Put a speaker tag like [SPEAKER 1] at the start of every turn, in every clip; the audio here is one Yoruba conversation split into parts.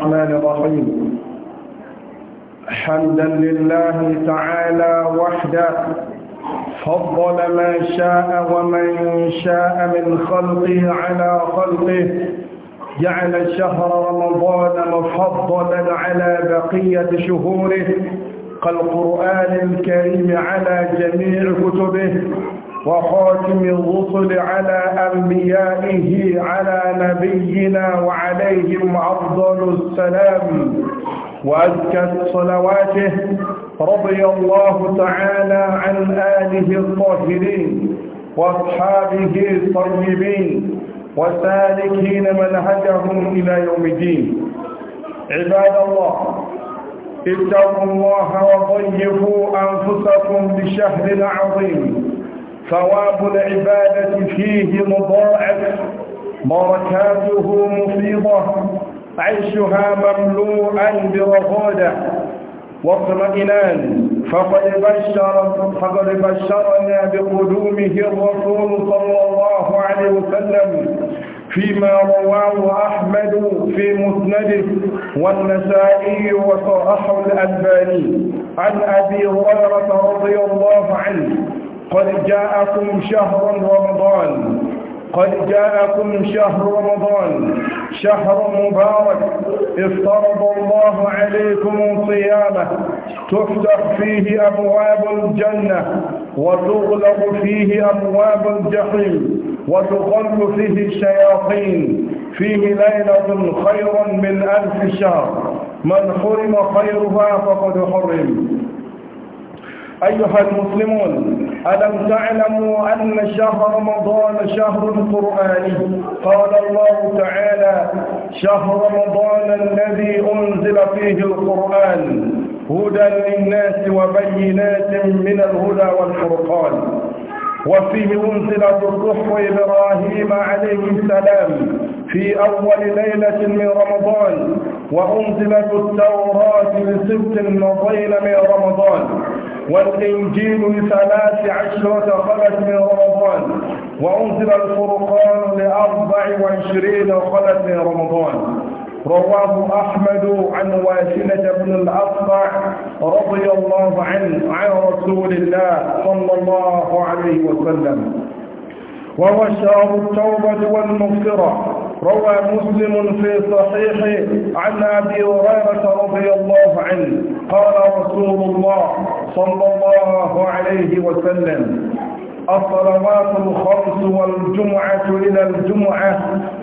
[SPEAKER 1] الرحمن الرحيم حمدا لله تعالى وحده فضل ما شاء ومن شاء من خلقه على خلقه جعل شهر رمضان مفضلا على بقية شهوره كالقرآن الكريم على جميع كتبه وخاتم الرسل على أنبيائه على نبينا وعليهم أفضل السلام وأزكى صلواته رضي الله تعالى عن آله الطاهرين وأصحابه الطيبين وسالكين منهجهم إلى يوم الدين عباد الله اتقوا الله وطيبوا أنفسكم بشهر عظيم ثواب العبادة فيه مضاعف بركاته مفيضة عيشها مملوءا برغودة واطمئنان فقد بشر فقد بشرنا بقدومه الرسول صلى الله عليه وسلم فيما رواه أحمد في مسنده والنسائي وصححه الألباني عن أبي هريرة رضي الله عنه قد جاءكم شهر رمضان قد جاءكم شهر رمضان شهر مبارك افترض الله عليكم صيامه تفتح فيه أبواب الجنة وتغلق فيه أبواب الجحيم وتغل فيه الشياطين فيه ليلة خير من ألف شهر من حرم خيرها فقد حرم أيها المسلمون ألم تعلموا أن شهر رمضان شهر قرآني قال الله تعالى شهر رمضان الذي أنزل فيه القرآن هدى للناس وبينات من الهدى والفرقان وفيه أنزل بالصحف إبراهيم عليه السلام في أول ليلة من رمضان وأنزلت التوراة لست نظير من رمضان والإنجيل لثلاث عشرة خلت من رمضان وأنزل الفرقان لأربع وعشرين خلت من رمضان رواه أحمد عن واسلة بن الأصبع رضي الله عنه عن رسول الله صلى الله عليه وسلم وهو شهر التوبة والمغفرة روى مسلم في صحيحه عن أبي هريرة رضي الله عنه قال رسول الله صلى الله عليه وسلم الصلوات الخمس والجمعة إلى الجمعة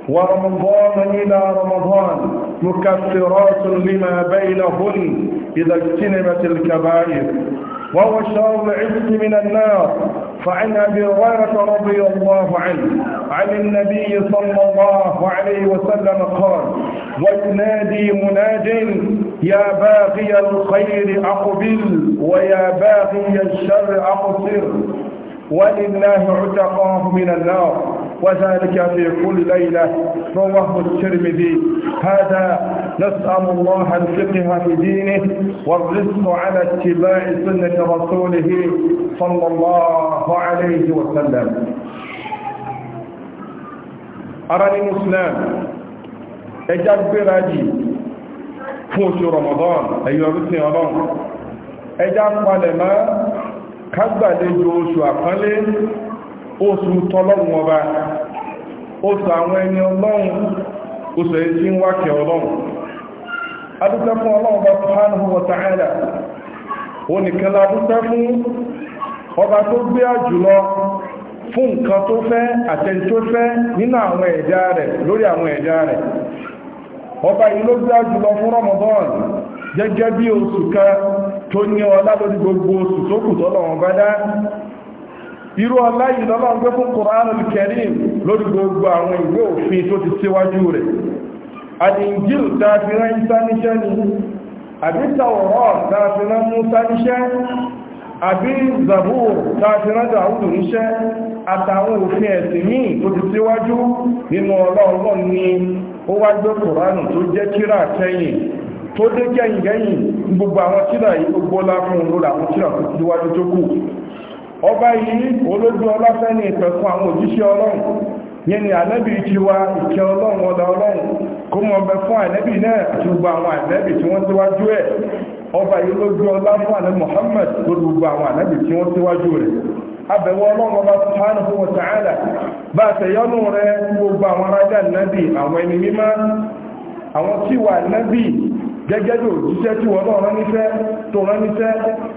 [SPEAKER 1] ورمضان إلى رمضان مكفرات لما بينهن إذا اجتنبت الكبائر وهو شر العز من النار فعن أبي هريرة رضي الله عنه عن النبي صلى الله عليه وسلم قال وينادي مناد يا باغي الخير أقبل ويا باغي الشر أقصر ولله عتقاه من النار وذلك في كل ليلة رواه الترمذي هذا نسأل الله الفقه في دينه والرزق على اتباع سنة رسوله صلى الله عليه وسلم أراني مسلم أجاب براجي فوت رمضان أيها بسم الله أجاب قال ما كذب لجوش وقلل oṣù tọ́lọ́run ọba oṣù àwọn ẹni ọlọ́run oṣù èyí tí ń wákẹ̀ ọlọ́run adúgbẹ́ fún ọlọ́run bá subhanahu wa ta'ala nìkan fún ọba tó gbé àjùlọ fún nǹkan tó fẹ́ àtẹni tó fẹ́ nínú àwọn rẹ̀ lórí àwọn rẹ̀ ọba yìí ló gbé àjùlọ fún irú ọlá yìí lọ́lọ́ ń gbé fún Qur'anul Karim lórí gbogbo àwọn ìwé òfin tó ti síwájú rẹ̀ àdìjíl tààfi rán isa níṣẹ́ ni àbí tàwọ̀rọ̀ tààfi rán Musa níṣẹ́ àbí Zabur tààfi Dàúdù níṣẹ́ àtàwọn òfin ẹ̀sìn míì tó ti síwájú nínú ọlọ́ọ̀lọ́n ni ó wá gbé Qur'an tó jẹ́ kíra kẹ́yìn tó dé kẹ́yìn kẹ́yìn gbogbo àwọn ọba yìí olójú ọlọ́fẹ́ ní àwọn òjíṣẹ́ ọlọ́run yẹn ni ànábì ti wá ìkẹ́ ọlọ́run ọ̀dà ọlọ́run kó mọ̀ bẹ fún náà àti gbogbo àwọn tí wọ́n tíwájú ẹ̀ ọba yìí olójú ọlá fún ànábì Muhammad tó gbogbo àwọn tí wọ́n tíwájú rẹ̀ ọlọ́run ọba a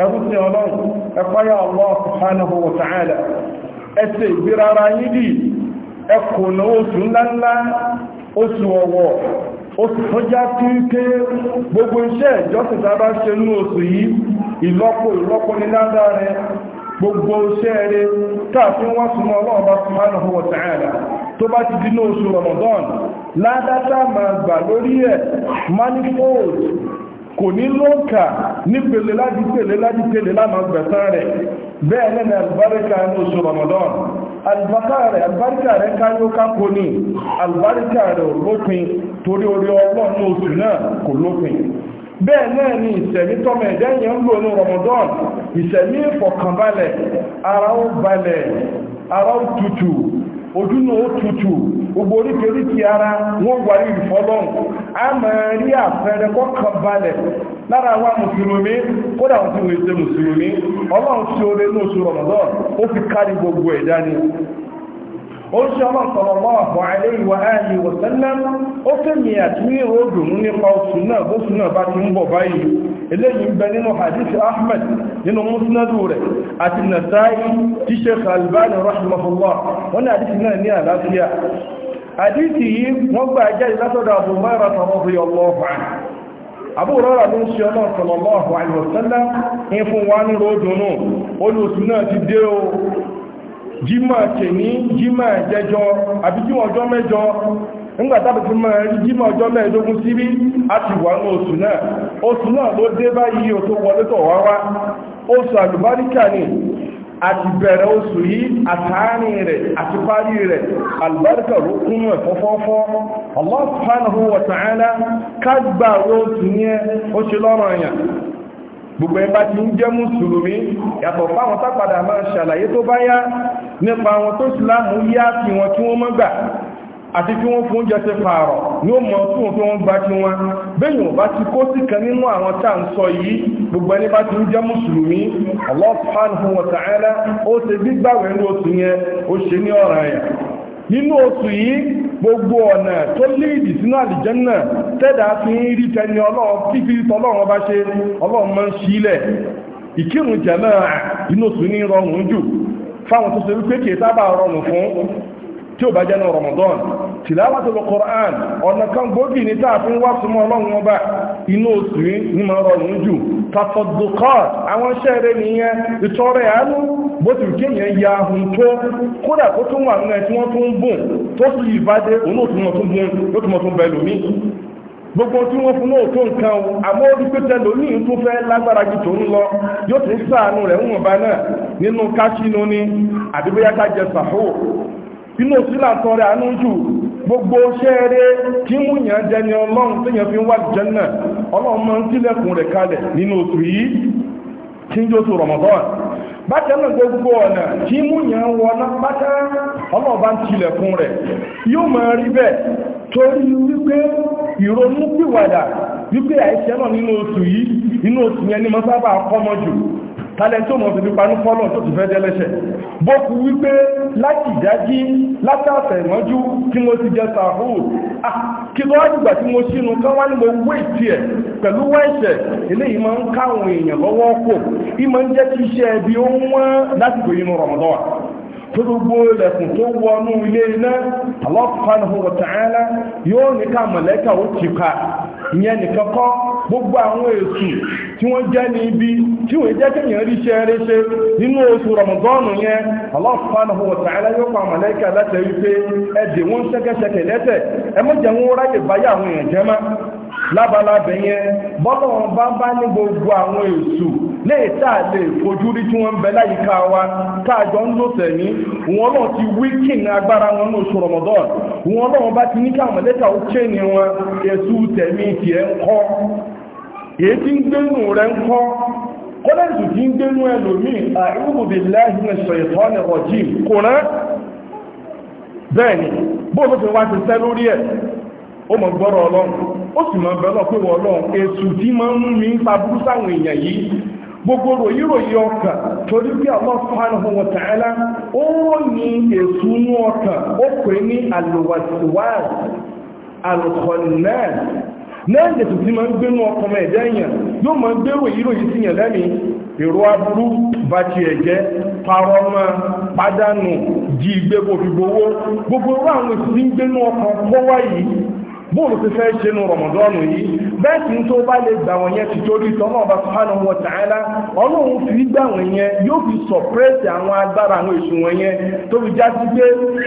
[SPEAKER 1] ẹkùsìn ọlọ́run ẹkọ́yà Allah subhanahu wa ta'ala ẹsẹ̀ ìgbérára yìí dì ẹkùnà oṣù ńláńlá oṣù ọ̀wọ̀ oṣù tó já tí ń ké gbogbo iṣẹ́ ìjọsìn tàbá ṣe ní oṣù yìí ìlọ́pọ̀ ìlọ́pọ̀ ní gbogbo kò ní lóǹkà nípele láti tèlé láti tèlé lánà gbẹ̀sán rẹ̀ bẹ́ẹ̀ lẹ́nà àlùbáríkà ní oṣù Ramadan àlùbáríkà rẹ̀ àlùbáríkà rẹ̀ káyó kápò ní àlùbáríkà rẹ̀ olópin torí orí ọlọ́ ní oṣù náà kò lópin bẹ́ẹ̀ náà ni ìṣẹ̀mí tọ́mọ ẹ̀dẹ́yìn ń lò ní Ramadan ìṣẹ̀mí ìfọ̀kànbalẹ̀ ara ó balẹ̀ ara ó tutù ojú náà ó gbogbo oríkèríkè ara nwa wà ní ìfọ́lọ́n a máa rí àfẹ́rẹ́ kọ́kàn balẹ̀ lára àwọn mùsùlùmí kódà wọ́n ti wọ́n ṣe mùsùlùmí ọlọ́run tí ó lé ní oṣù rọ̀mọ́dọ́n ó fi kárí gbogbo ẹ̀dá ni ó ọlọ́run sọ̀rọ̀lọ́wọ́ náà náà bá eléyìí ń bẹ nínú hadith ahmed nínú musnadu rẹ̀ àti nasa'i tí sheikh albani rahimahullah wọ́n ní hadith náà ní àlàáfíà hadith yìí wọ́n gbà jáde látọ̀dọ̀ abu mara tọrọfì ọlọ́ọ̀fà abu rọ́rà ló ń ṣe ọlọ́ sallallahu alaihi wasallam ń fún wa ní ròdùnú jẹjọ àbí jímọ̀jọ́ mẹ́jọ nígbàtàbùtù mọ́ rí jímọ̀ ọjọ́ mẹ́ẹ̀dógún sí rí àti wà ní oṣù náà oṣù náà ló dé báyìí o tó wọlé otu wá wá oṣù àlùbáríkà ni àti bẹ̀rẹ̀ oṣù yìí àtàárín rẹ̀ àti parí rẹ̀ àlùbáríkà ló kún ẹ̀ fọ́fọ́fọ́ ti nípa àwọn tó yá wọn kí àti tí wọ́n fún jẹ́ pààrọ̀ ní ó mọ̀ tún tí wọ́n bá tí wọ́n bẹ́yìn bá ti kó sí kan nínú àwọn tá à ń sọ yìí gbogbo ẹni bá ti ń jẹ́ mùsùlùmí Allah subhanahu wa ta'ala ó ṣe gbígbàwẹ̀ ní oṣù yẹn ó ṣe ní ọ̀ràn yẹn nínú oṣù yìí gbogbo ọ̀nà tó léèdì sínú àlìjẹ́nà tẹ́dà fi ń rí tẹni ọlọ́run fífi tọ́lọ́run bá ṣe ọlọ́run máa ń sílẹ̀ ìkírun jẹ̀mọ́ inú oṣù ní rọrùn jù fáwọn tó ṣe wípé kìí sábà rọrùn fún tí ò bá jẹ́ ní Ramadan tìláwàtò lọ Qur'an ọ̀nà kan gbòógì ní tàà fi ń wá súnmọ́ ọlọ́run ọba inú oṣù ní ma rọrùn jù tafọdùkọ́t àwọn iṣẹ́ rẹ̀ nìyẹn ìtọrẹ àánú bó ti kéèyàn ya ahùn tó kódà kó tún wà nínú ẹ tí wọ́n tún ń bùn tó sì yí ìbádé òun ó tún mọ̀ tún bùn ó tún mọ̀ tún bẹ lómi gbogbo tí wọ́n fún náà tó nǹkan o àmọ́ orí pé tẹ́lẹ̀ oníyìn tó fẹ́ lágbára ju tòun lọ yóò tún ṣàánú rẹ̀ ń wọ̀nba náà nínú káṣínú ni àdébóyá ká jẹ sàhó inú sílà tọrẹ àánú jù gbogbo ṣẹ́ẹ̀rẹ́ tí mú yàn jẹni ọlọ́run tí yàn fi wà jẹ́nà ọlọ́run máa ń tilẹ̀kùn rẹ̀ kalẹ̀ nínú oṣù yìí ń jóṣù bákan náà gbogbo ọ̀nà tí mú yàn wọná ọlọ́run bá ń tilẹ̀kùn rẹ̀ yóò máa rí bẹ́ẹ̀ torí wípé ìrònú pìwàdà wípé àìṣẹ́ náà nínú oṣù yìí oṣù yẹn ni mo sábà kọ́mọ jù talento mọ̀ fìdí panú fọ́lọ̀ tó ti fẹ́ jẹ́lẹ́ṣẹ̀ bó kú wípé láti ìdájí látàfẹ̀ mọ́jú kí mo ti jẹ sàhúù ah, kí lọ́wọ́ dìgbà tí mo sínú kán wá ní mo wé ìtì ẹ̀ pẹ̀lú wẹ́ẹ̀ṣẹ̀ eléyìí máa ń káwọn èèyàn lọ́wọ́ kò ìmọ̀ ń jẹ́ kí iṣẹ́ ẹbí ó wọ́n lásìkò inú rọ̀mọ́dọ́wà tó gbogbo ilẹ̀kùn tó wọnú ilé iná Allah subhanahu wa ta'ala yóò ní ká mọ̀lẹ́kà ó ti ka ìyẹn nìkan kọ́ gbogbo àwọn èsù tí wọ́n jẹ́ ní ibi tí wọ́n jẹ́ kéèyàn rí ṣe eré ṣe nínú oṣù rọmọdọ́ọ̀nù yẹn Allah subhanahu wa ta'ala yóò pa màláíkà láti rí pé ẹ̀dẹ̀ wọn ṣẹ́kẹ́ṣẹkẹ̀ lẹ́sẹ̀ ẹ má jẹ́ wọn ráyè báyà àwọn gbogbo àwọn èsù lẹ́yìn a lè fojú rí tí wọ́n ń bẹ láyìíká wa tá ń lò sẹ́yìn wọn náà ti wí kíni agbára wọn ní oṣù Ramadan wọn náà bá ti ní ká mọ̀lẹ́ta ó ké ni wọn èso tẹ̀mí tiẹ̀ ń kọ́ èyí tí ń gbénu rẹ̀ ń kọ́ kọ́lẹ́sì tí ń gbénu ẹlòmíì a'udhu billahi minash shaitani rajim kò rán bẹ́ẹ̀ni bó ló fi wá ti sẹ́ lórí ẹ̀ ó mọ̀ gbọ́rọ̀ ọlọ́run gbogbo ròyìn ròyìn ọkàn torí bí Allah subhanahu wa ta'ala ó ròyìn èso inú ọkàn ó pè ní alùwàsíwáàs alùkọ̀nẹ́ẹ̀sì lẹ́yìn ètò tí ma ń gbénú ọkọmọ ẹ̀dẹ́ èèyàn yóò ma ń gbérò ìrò yìí síyàn lẹ́mí èrò aburú bá ti ẹ̀jẹ́ parọ́ ma pàdánù jí ìgbégbò fi gbowó gbogbo àwọn ètò ọkọ̀ kọ́wá yìí bóòlù ti fẹ́ ṣe nù rọmọdọ́nù yìí bẹ́ẹ̀ tí tó bá lè gbà yẹn ti torí ọba subhanahu wa ta'ala ọlọ́run fi fi sọ̀pẹ́sì àwọn fi já sí pé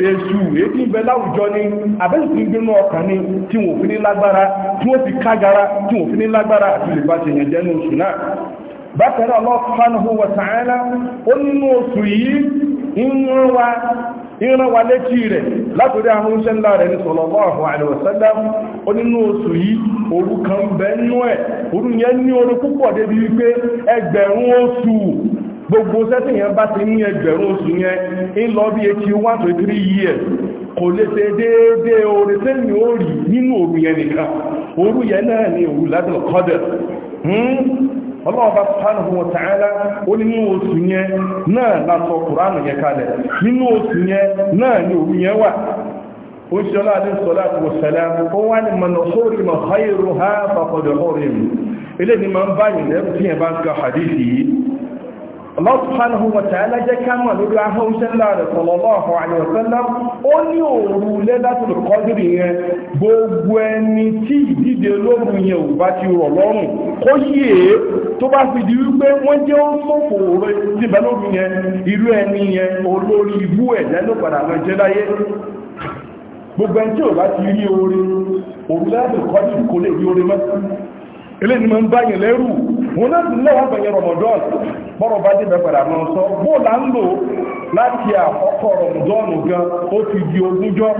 [SPEAKER 1] èṣù èdè ìbẹ̀ láwùjọ ni abẹ́sì ń ọkàn ni tí fi ní lágbára tí tí fi ní lágbára àti lè bá ṣe yẹn jẹ́ oṣù náà ìran wà létí rẹ̀ látòrí àwọn oúnjẹ́ ńlá rẹ̀ ní sallallahu alaihi wasallam ó nínú oṣù yìí òru bẹ nú ẹ̀ òru ní oru púpọ̀ débi wípé ẹgbẹ̀rún oṣù gbogbo sẹ́sìn bá ti ní ẹgbẹ̀rún oṣù yẹn in lọ bí etí one years kò lè ṣe déédéé oore sẹ́yìn ó rí nínú òru nìkan náà ni ọlọ́ọ̀bá subhanahu wa ta'ala ó ní nínú oṣù yẹn náà látọ̀ kùránù yẹn kalẹ̀ nínú oṣù yẹn náà ni òun yẹn wà ó ṣe ọlọ́adé sọ́láàtù wọ̀sẹ̀lẹ̀ ó wá ní mọ̀nà sórí ha fàkọ̀dọ̀ ọ̀rẹ́ mi eléyìí máa ń báyìí lẹ́rù tí yẹn bá ń ka hadith yìí Allah subhanahu wa ta'ala jẹ́ ká mọ̀ lórí ahọ́n ṣẹlá rẹ̀ sallallahu alaihi wasallam ó ní òru lẹ́dàtò kọ́dìrì yẹn gbogbo ẹni tí ìdíje lóru yẹn ò bá ti rọ̀ lọ́rùn kó yíè e. tó bá fi di wípé wọ́n ele ni ma ń báyìí lẹ́rù wọn náà ti lẹ́wọ́n bẹ̀yẹn bọ́rọ̀ bá dé bẹ̀pẹ̀rẹ̀ àmọ́ sọ bóòlà ń lò láti àkọ́kọ́ rọmọdọ́n gan ó ti di ogúnjọ́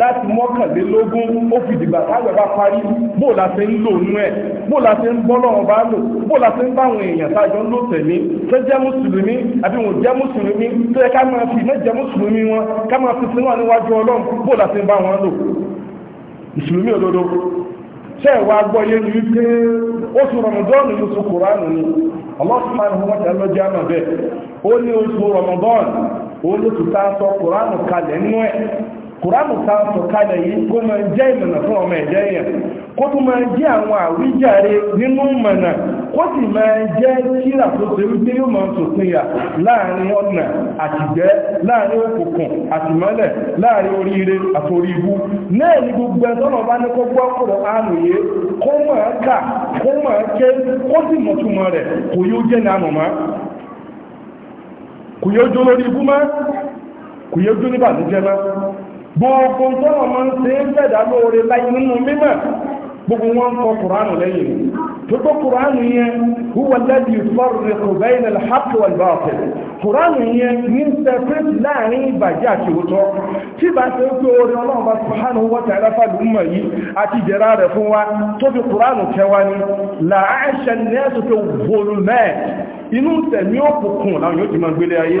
[SPEAKER 1] láti mọ́kànlélógún ó fi dìgbà táwẹ̀ bá parí bóòlà ti ń lò nú ẹ̀ bóòlà ti ń bọ́ lọ́wọ́ bá lò bóòlà ti ń bá àwọn èèyàn tájọ́ ń lò jẹ́ mùsùlùmí àbí tẹ́ wá gbọ́ yé ní wípé oṣù ramadan ní oṣù kùránù ni Allah subhanahu wa ta'ala jẹ́ àmà bẹ́ẹ̀ ó ní oṣù ramadan ó lóṣù tá a sọ kùránù kalẹ̀ nínú ẹ̀ kùránù ta sọ̀kalẹ̀ yìí kó máa jẹ́ ìmọ̀nà fún ọmọ ẹ̀jẹ̀ yẹn kó tún máa jẹ́ àwọn àwíjàre nínú ìmọ̀nà kó sì máa jẹ́ kíra tó ṣe wípé yóò máa sòpinya láàrin ọ̀nà àtìgbẹ́ láàrin òkùnkùn àtìmọ́lẹ̀ láàrin oríire àtòrí náà ni gbogbo ẹ̀sọ́nà bá ní kó gbọ́ kó kó ké kó sì rẹ̀ kò gbogbo tọ́rọ ma ń ṣe ń fẹ̀dá lóore láyé nínú mímọ̀ gbogbo wọn kọ kùránù lẹ́yìn gbogbo kùránù yẹn huwa alladhi yufarriqu bayna al-haqq wal-batil kùránù yẹn ní sẹ́fẹ́t láàrin ìbàjẹ́ àti òótọ́ tí bá ṣe ń pé orin ọlọ́run bá subhanahu wa ta'ala fàlùmọ̀ yìí àti ìjẹ̀rá rẹ̀ fún wa tó fi kùránù kẹwa ni làáṣẹ́ nẹ́ẹ̀sì tó wọlùmẹ́ẹ̀ inú tẹ̀mí òkùnkùn láwọn yóò ti máa gbélé ayé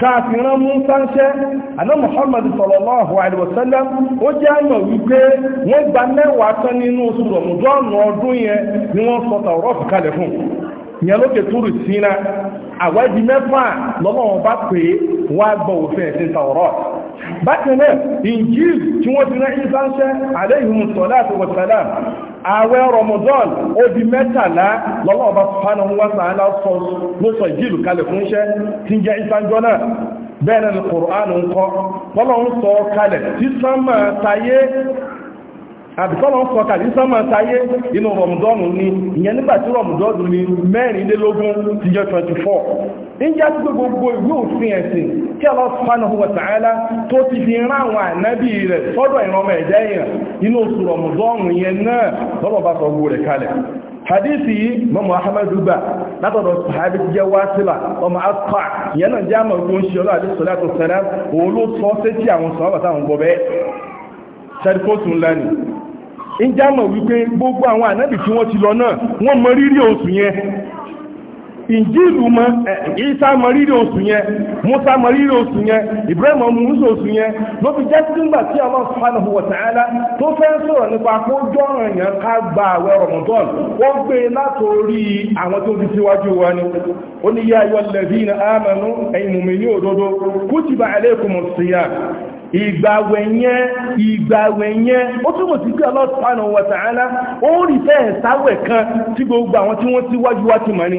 [SPEAKER 1] káàfìran mú sáńṣẹ́ àná Muhammad sallallahu alaihi wasallam ó jẹ́ àmọ̀ wípé wọ́n gba mẹ́wàá tán nínú oṣù rọ̀mùdọ́ọ̀nù ọdún yẹn ni wọ́n sọ tàwọ́rọ́ọ̀fù kalẹ̀ fún ìyẹn lókè túrù sínà àwájí mẹ́fà lọ́lọ́wọ́n bá pé wọ́n á gbọ́ òfin ẹ̀sìn tàwọ̀rọ̀ bákan náà injil tí wọ́n ti rán ìsáńṣẹ́ aléhùn sọ́lá àti wọ̀sálà ààwẹ̀ ramadan ó di mẹ́tàlá lọ́lọ́wọ́n bá fánà wọ́n sàánà sọ ló sọ injil kalẹ̀ fún iṣẹ́ tí ń jẹ́ ìsáńjọ́ náà bẹ́ẹ̀ náà ni kòrò àbíkọ́lọ́ ń sọ̀kà ní sánmà sáyé inú rọ̀mùdọ́nù ni ìyẹn nígbàtí rọ̀mùdọ́nù ni mẹ́rìnlélógún ti jẹ́ 24 níjá tí gbogbo ìwé òfin ẹ̀sìn tí Allah subhanahu wa ta'ala tó ti fi rán àwọn ànábì rẹ̀ sọ́dọ̀ ìrọmọ ẹ̀jẹ̀ èèyàn inú oṣù rọ̀mùdọ́nù yẹn náà lọ́rọ̀ bá sọ gbogbo rẹ̀ kalẹ̀ hadisi yìí mọ́mọ́ ahmadu gbà látọ̀dọ̀ sahabi jẹ́ wá sílà ọmọ akọ́ ìyẹn náà jẹ́ àmọ́ ìgbóhùn ṣe ọlọ́ àdéṣọ́ látọ̀ sẹ́lá òun ló sọ sétí àwọn sọ́ọ́bà táwọn gbọ́ bẹ́ẹ̀ ṣẹ́díkóòtù ńlá ni ń já mọ̀ wípé gbogbo àwọn ànábì tí wọ́n ti lọ náà wọ́n mọ rírì oṣù yẹn ìjíìlú mọ ìsá mọ rírì oṣù yẹn musa mọ rírì oṣù yẹn ibrahim musa oṣù yẹn ló fi jẹ́ sígbà tí Allah subhanahu wa ta'ala tó fẹ́ sọ̀rọ̀ nípa kó jọ́ràn yẹn ká gba àwẹ̀ Ramadan wọ́n gbé e látòrí àwọn tó ti síwájú wa ni ó ní yá ayyuhal ladhina amanu ẹ̀yìn mùmí ní òdodo kutiba alaykumus siyam ìgbàwẹ̀yẹn ìgbàwẹ̀yẹn ó túnmọ̀ sí pé Allah subhanahu wa ta'ala ó rí fẹ́ ẹ̀sáwẹ̀ kan tí gbogbo àwọn tí wọ́n ti wájú wá ti mọ̀ ni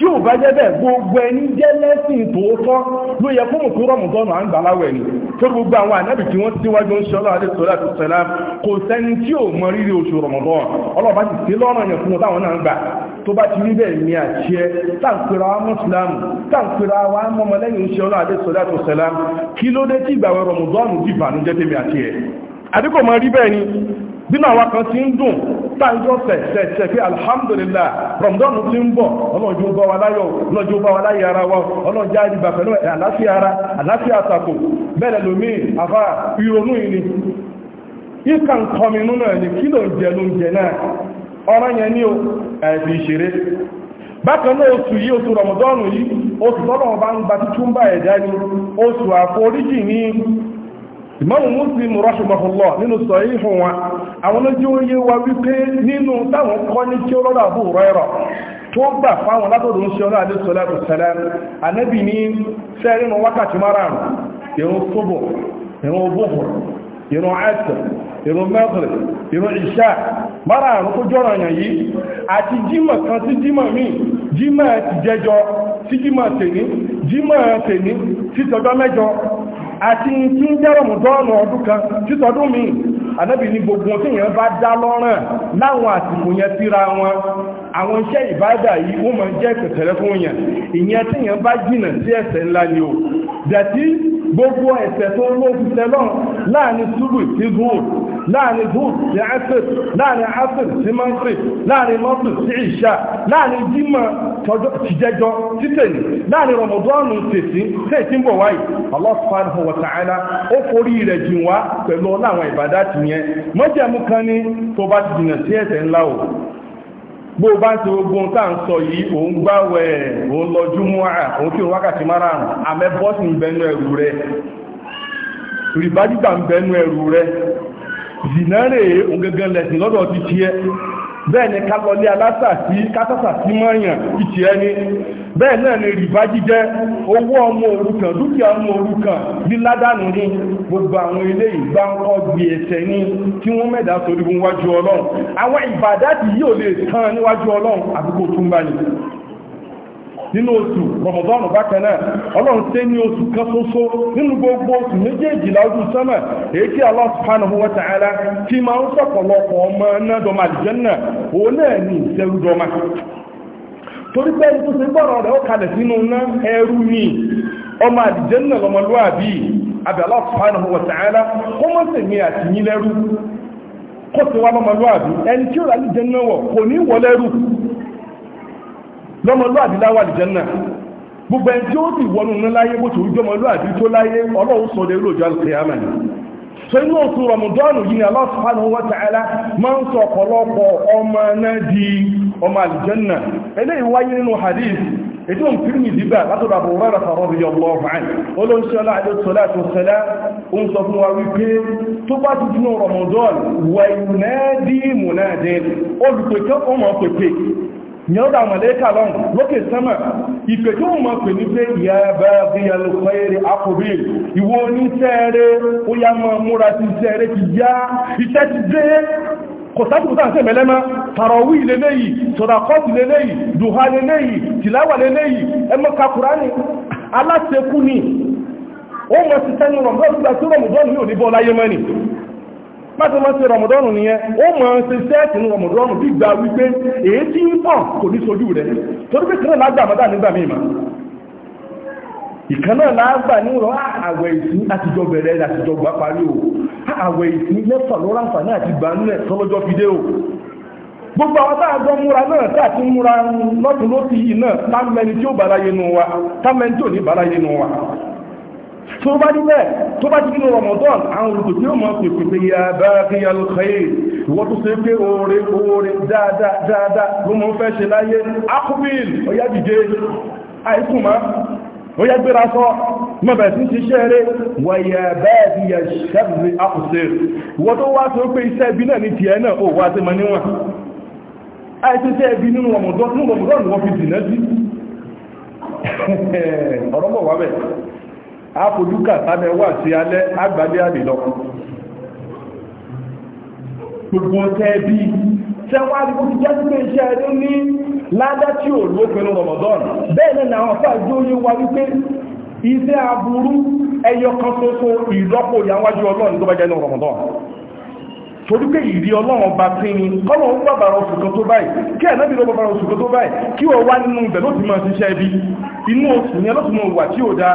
[SPEAKER 1] tí ò bá jẹ́ bẹ́ẹ̀ gbogbo ẹni jẹ́ lẹ́sìn tòótọ́ ló yẹ fún òkú rọ̀mùtọ́nù à ń gbàláwẹ̀ ni tó gbogbo àwọn ànábì tí wọ́n síwájú ń ṣọlá àti sọlá àti sọlá kò sẹ́ni tí ò mọ rírì oṣù rọ̀mùtọ́n ọlọ́ọ̀bá ti sí lọ́rọ̀ yẹn fún táwọn náà gbà tó bá ti rí bẹ́ẹ̀ ní àṣẹ táǹpẹ̀rẹ̀ wa mùsùlùmù táǹpẹ̀rẹ̀ wa mọ́mọlẹ́yìn ṣọlá àti sọlá àti sọlá kí ló dé tí ìgbàwẹ̀ rọ̀mùtọ́nù ti bànújẹ́ tèmi àti ẹ̀ ni bínú àwa kan ti ń dùn tẹ̀tẹ̀tẹ̀ pé alhamdulillah rọ̀mdọ́n ti ń bọ̀ ọlọ́jú bá wa láyọ̀ ọlọ́jú bá wa láyé ara wa ọlọ́jú àdìgbà pẹ̀lú àlàáfíà ara àlàáfíà bẹ́ẹ̀ lómi àfa ìrònú yìí ni ń kọmi nínú kí ló ń jẹ ló ń jẹ náà ọ̀rọ̀ yẹn ní o ìṣeré bákan náà oṣù yìí oṣù yìí oṣù Imam Muslim rahimahullah nínú sọ̀yìn fún wa àwọn ojú oyé wa wípé nínú táwọn kọ́ ní kí ó lọ́dọ̀ Abu Hurairah tó gbà fáwọn látọ̀dọ̀ ń ṣe ọlọ́ àdé sọ́lá ìrùsẹ̀lẹ̀ ànábì ní sẹ́rìnà wákàtí márùn-ún ìrun sóbò ìrun obóhùn ìrun àìsàn ìrun mẹ́rin ìrun ìṣà márùn-ún tó jọ́rọ̀ yàn yìí àti jímọ̀ kan sí jímọ̀ àti tí ń jẹ́ rọ̀mùdọ́ọ̀nù ọdún kan títọ́dún mi ànábì ní gbogbo tí èèyàn bá dá lọ́rùn láwọn àsìkò yẹn síra wọn àwọn iṣẹ́ ìbádà yìí wọ́n máa ń jẹ́ ìpẹ̀tẹ̀rẹ́ fún yẹn ìyẹn tí èèyàn bá jìnà sí ẹ̀ṣẹ̀ ńlá ni o dàtí gbogbo ẹ̀ṣẹ̀ tó lóògùn tẹ́lọ̀ láàrin súrù sí gold naanị gùn sí asir láàrin asir sí mọ́sí láàrin mọ́sí sí ìṣà láàrin jímọ̀ tìjẹjọ títẹ̀lì láàrin rọmọdọ́nù tèsí tèsí ń bọ̀ wáyé Allah subhanahu wa ta'ala ó forí rẹ̀ jìn wá pẹ̀lú ọláwọn ìbàdá ti kan ní tó bá ti sí ńlá o bó o bá ń ṣe ogun tá ń sọ yìí zinare ògẹ́gẹ́ lẹ̀sìn lọ́dọ̀ ti tiẹ̀ bẹ́ẹ̀ ni kálọ́lé alásàtí kásàsàtí mọ́yàn ti tiẹ̀ ni bẹ́ẹ̀ náà ni rìbá jíjẹ́ owó ọmọ òrukàn dúkìá ọmọ òrukàn líládànù ní gbogbo àwọn ilé ìgbáǹkọ́ gbé ẹsẹ̀ ní tí wọ́n mẹ́dà sórí níwájú ọlọ́run àwọn ìbàdá ti ò lè tán níwájú ọlọ́run àbíkò túnbá ni nínú oṣù rọmọdọ́nù bákan náà ọlọ́run ṣe ní oṣù kan gbogbo oṣù méjèèjìlá ojú sánmà èyí tí Allah subhanahu wa ta'ala ti máa ń sọ̀pọ̀lọpọ̀ ọmọ náà dọ̀mà àlùjánnà òun náà ní ìṣẹ́rú dọ́mà torí pé ẹni tó ṣe gbọ́rọ̀ rẹ̀ ó kalẹ̀ sínú ẹrú ni ọmọ àlùjánnà lọmọlúwàbí àbí Allah subhanahu wa ta'ala kó mọ́ sèmi àtìyín lẹ́rú kó wá lọmọlúwàbí ẹni tí ó lọ́mọlúwàbí láwà lè jẹ́nà gbogbo ẹni tí ó sì wọnú ní láyé bó ti so inú oṣù rọmọdọ́nù yìí ni Allah subhanahu wa ta'ala máa ń sọ ọ̀pọ̀lọpọ̀ ọmọ náà di ọmọ àlìjẹ́nà eléyìí wáyé nínú hadith ètò ìfìrìmì dìgbà látọ̀dọ̀ Abu Hurairah fàrọ̀bì ọlọ́ọ̀fàn olóńṣọ́lá àdóṣọ́látò sẹ́lá ń sọ fún wa wípé tó bá ti dínú rọmọdọ́nù wà ìmúnádìí múnádìí olùpẹ̀kẹ́ ọmọ pẹ̀pẹ̀ ìyẹn ó màlẹ́kà lọ́n lókè sẹ́mà ìpè tó mọ̀ pè ní pé ìyá bá bí alùpàá èrè akọ̀bí ìwọ oníṣẹ́ẹ̀rẹ́ ó yá mọ́ múra sí iṣẹ́ẹ̀rẹ́ ti yá iṣẹ́ ti dé kò sáàtùkù sáà ṣe mẹ́lẹ́má tàràwí lélẹ́yìí sọ̀dàkọ́tì lélẹ́yìí dùhà lélẹ́yìí tìláwà lélẹ́yìí ẹmọ kakùránì ni ó mọ̀ láti máa ṣe rọmọdọ́nù nìyẹn ó máa ṣe sẹ́ẹ̀tì ní gba wípé èyí tí kò ní sojú rẹ̀ torí pé kìnnà lágbà mọ́dà nígbà míì mà ìkànnà lágbà ní rọ ah, àwẹ̀ ìsìn àtijọ́ bẹ̀rẹ̀ àtijọ́ gbà parí o ah, àwẹ̀ ìsìn àti gbogbo àwọn tó bá ní bẹ́ẹ̀ tó bá ti nínú Ramadan àwọn olùkò tí ó mọ̀ pèpè pé ya bá kí ya ló kẹ́yè ìwọ́n tó ṣe pé oore oore dáadáa dáadáa ló mọ̀ fẹ́ ṣe láyé akubil ọ̀yá dìde àìkùnmá ọ̀yá gbéra sọ mọ̀bẹ̀ sí ṣiṣẹ́ rẹ̀ wàyà bẹ́ẹ̀ bí àfojúkà sábẹ́ wà sí alẹ́ àgbàdé àdìlọ gbogbo tẹ́ẹ̀bí tẹ́wàrí kó ti jẹ́ sí pé iṣẹ́ ẹni ní ládá tí ò ló pẹ̀lú Ramadan bẹ́ẹ̀ ni àwọn fà jí oye wa wípé iṣẹ́ aburú ẹyọ kan ṣoṣo ìlọ́pọ̀ Ramadan torí pé ìrí ọlọ́run bá pín ní kọ́lọ̀ ń bàbà oṣù kan tó báyìí kí ẹ̀nàbí lọ bàbà oṣù kan tó báyìí kí o wá nínú ibẹ̀ ló máa ṣiṣẹ́ ibi inú oṣù yẹn ló wà tí ó dáa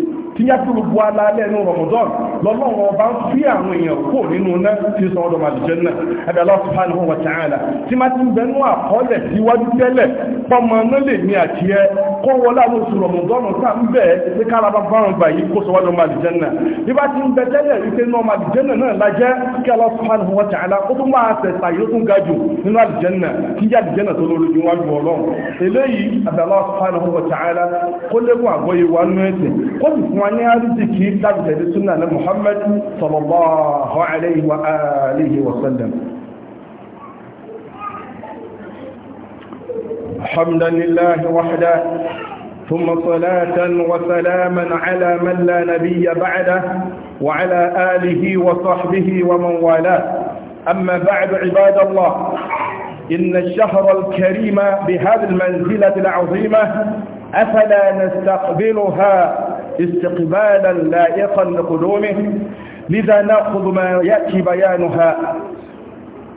[SPEAKER 1] tí yàtúrù bu alálẹ́ inú Ramadan lọ́lọ́wọ́ bá ń fi àwọn èèyàn kó nínú náà tí sọ ọdọ màlìjẹ́ náà ẹ̀bẹ̀ Allah subhanahu wa ta'ala tí máa ti ń bẹnu àkọọ́lẹ̀ síwájú tẹ́lẹ̀ pọ́mọ náà lè ní àti ẹ kó wọlé àwọn oṣù Ramadan tá ń bẹ̀ pé kára bá gbà yìí kó sọ ọdọ màlìjẹ́ náà bí bá ti ń bẹ tẹ́lẹ̀ wípé náà màlìjẹ́ náà lájẹ́ kí Allah subhanahu wa ta'ala ó tún máa tẹ̀sà yóò tún ga jù nínú ní àríjìkí láti tẹ̀lé súnà ní Muhammad sallallahu alaihi wa wahda ثم صلاة وسلاما على من لا نبي بعده وعلى آله وصحبه ومن والاه أما بعد عباد الله إن الشهر الكريم بهذه المنزلة العظيمة أفلا نستقبلها استقبالا لائقا لقدومه لذا نأخذ ما يأتي بيانها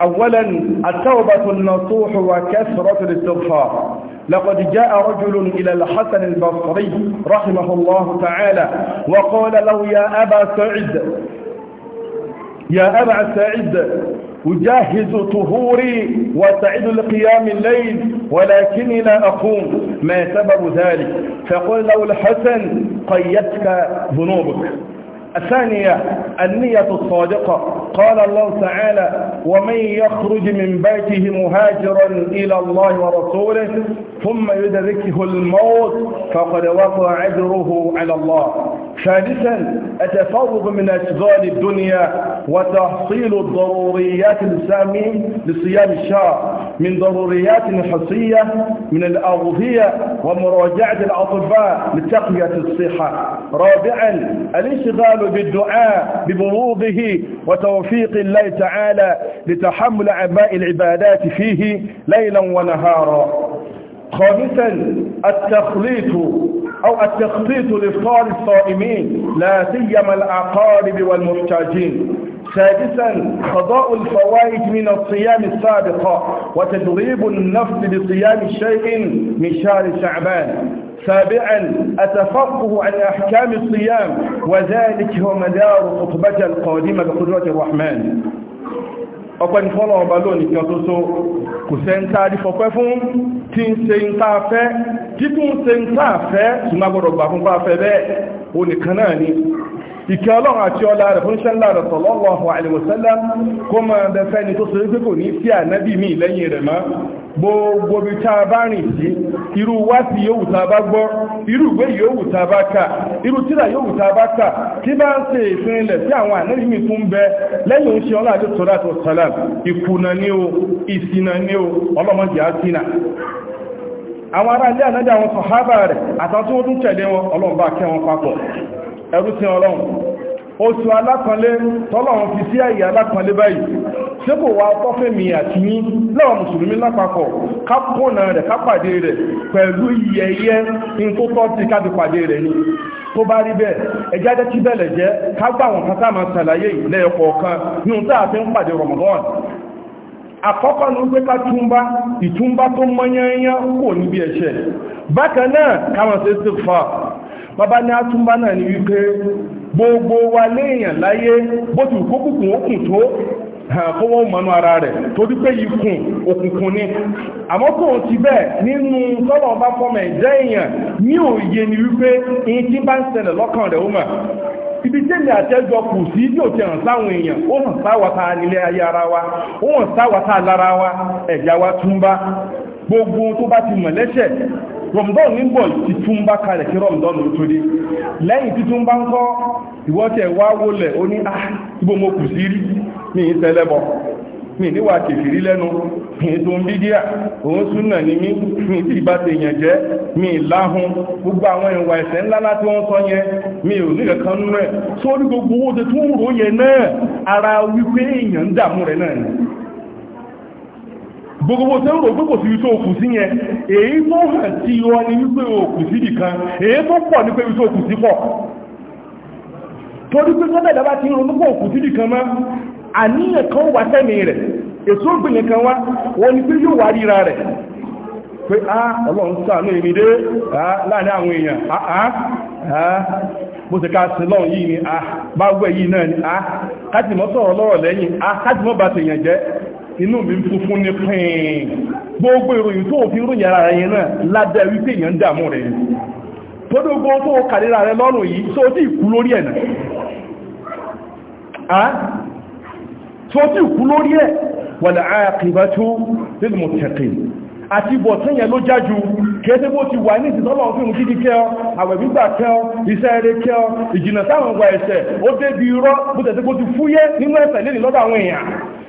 [SPEAKER 1] أولا التوبة النصوح وكثرة الاستغفار لقد جاء رجل إلى الحسن البصري رحمه الله تعالى وقال له يا أبا سعد يا أبا سعد أجهز طهوري وأستعد لقيام الليل ولكني لا أقوم ما سبب ذلك فقل له الحسن قيدتك ذنوبك الثانية النية الصادقة قال الله تعالى ومن يخرج من بيته مهاجرا إلى الله ورسوله ثم يدركه الموت فقد وقع عذره على الله ثالثا التفرغ من أشغال الدنيا وتحصيل الضروريات السامية لصيام الشهر من ضروريات حصية من الأغذية ومراجعة الأطباء لتقوية الصحة رابعا الانشغال بالدعاء ببروضه وتوفيق الله تعالى لتحمل عباء العبادات فيه ليلا ونهارا خامسا التخليط أو التخطيط لإفطار الصائمين لا سيما الأقارب والمحتاجين سادسا قضاء الفوائد من الصيام السابقة وتدريب النفس بصيام شيء من شهر شعبان تابعا أتفقه عن أحكام الصيام وذلك هو مدار خطبة القادمة بقدرة الرحمن ọpẹ́ ní fọ́lọ̀ ọba lónìí kan tó tó kò sẹ́ ń tàà dífọ́pẹ́ fún tí ń ṣe ń tàà fẹ́ títún ṣe ń tàà fẹ́ ṣùgbọ́n gbọ́dọ̀ gbà fún pàfẹ́ bẹ́ẹ̀ o nìkan náà ni ìkẹ́ ọlọ́run àti ọlá gbogbo bí tá bá rìn sí irú wá sí yóò ta bá gbọ́ irú ìwé yóò ta bá kà irú tíra yóò ta bá kà kí bá ń ṣe ìfin ilẹ̀ sí àwọn ànẹ́bí mi tún bẹ lẹ́yìn oúnjẹ ọlá sọ́dá tó sálà ìkùnà o ìṣìnà ọlọ́mọdé á sínà àwọn ará ilé ànájà rẹ̀ oṣù alákanlé tọ́lọ̀run fi sí àyè alákanlé báyìí tí kò wá tọ́fẹ́mì àti yí lọ́wọ́ mùsùlùmí lápapọ̀ kápọ̀nà rẹ̀ kápàdé rẹ̀ pẹ̀lú yẹyẹ ti kábi pàdé rẹ̀ ni tó bá rí bẹ́ẹ̀ ẹjá jẹ́ kí bẹ́ẹ̀lẹ̀ kágbà wọn kan a túnbá náà gbogbo wa léèyàn láyé bó ti kó kùkùn òkùn tó fọwọ́ mọ̀nú ara rẹ̀ torí pé ikùn òkùnkùn ni àmọ́ kò ti bẹ́ẹ̀ nínú tọ́lọ̀ bá fọ́mọ̀ ẹ̀jẹ́ èèyàn ní òye ni wípé in tí bá ń ṣẹlẹ̀ lọ́kàn rẹ̀ ó mọ̀ ibi tẹ́lẹ̀ àtẹ́jọ kù sí tí ò ti hàn sáwọn èèyàn ó hàn sáwàtà nílé ayé ara wa ó hàn sáwàtà lára wa ẹ̀já wa túnbá gbogbo tó bá ti mọ̀ lẹ́sẹ̀ rọ̀mùdọ́n ní bọ̀ títún bá kalẹ̀ kí rọ̀mùdọ́n ló tó dé lẹ́yìn títún bá ń kọ́ ìwọ́tẹ̀ wá wólẹ̀ ó ní àgbò ah, mo kù sí rí ní ìtẹ́lẹ́bọ̀ mi níwà kèfìrí lẹ́nu mi tó ń bí díà mi tí ìbá mi láhun gbogbo àwọn ìwà ẹ̀ṣẹ̀ mi ò ní kankan nú ẹ̀ ara wípé èèyàn ń gbogbo tẹ́ rò gbogbo sí tó òkú sí yẹn èyí tó hàn sí ni wípé òkú sí nìkan èyí tó pọ̀ ní pé wípé òkú sí pọ̀ torí pé tọ́lẹ̀ lọ́wọ́ ti ronú sí nìkan àníyàn kan wà sẹ́mi rẹ̀ èso ògbìyàn kan wá wọ́n ni pé yóò wá ríra rẹ̀ pé á ọlọ́run ṣàánú inú mi funfun ní pín gbogbo ìròyìn tó fi ròyìn ara rẹ̀ náà ládẹ́ wípé èèyàn ń dààmú rẹ̀ tó dógbó tó kàlera rẹ̀ lọ́rùn yìí tó tí ìkú lórí ẹ̀ náà tó tí ìkú lórí ẹ̀ wal aqibatu lil muttaqin àti bọ̀ tí yẹn ló jájú kéèsé bó ti wà ní ìsìtọ́lọ̀ fíìmù kíkí kẹ́ ọ àwẹ̀gbígbà kẹ́ ọ nínú ẹ̀ṣẹ̀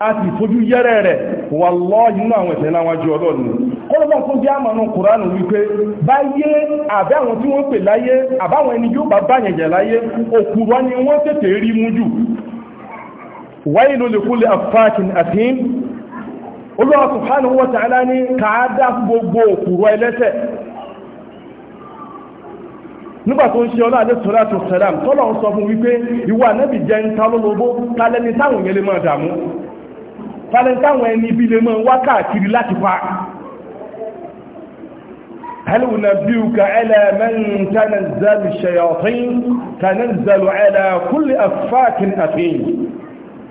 [SPEAKER 1] a ti fojú yẹ́rẹ̀ rẹ̀ wà lọ́yìn náà àwọn ẹ̀ṣẹ̀ láwájú ọlọ́run kọ́lọ́bọ̀n kó jẹ́ àmà náà kùránù wípé báyé àbẹ́ àwọn tí wọ́n pè láyé àbáwọn ẹni yóò bá báyẹ̀jẹ̀ láyé ni wọ́n tètè rí mú jù wáyé ló lè kúlẹ̀ gbogbo nígbà tó ń ṣe tó sọ fún wípé ìwà tàlẹ́ntàwọn ẹni bí lè mọ́ wákàkiri láti pa هل نبيك على من تنزل الشياطين تنزل على كل أفاك أثيم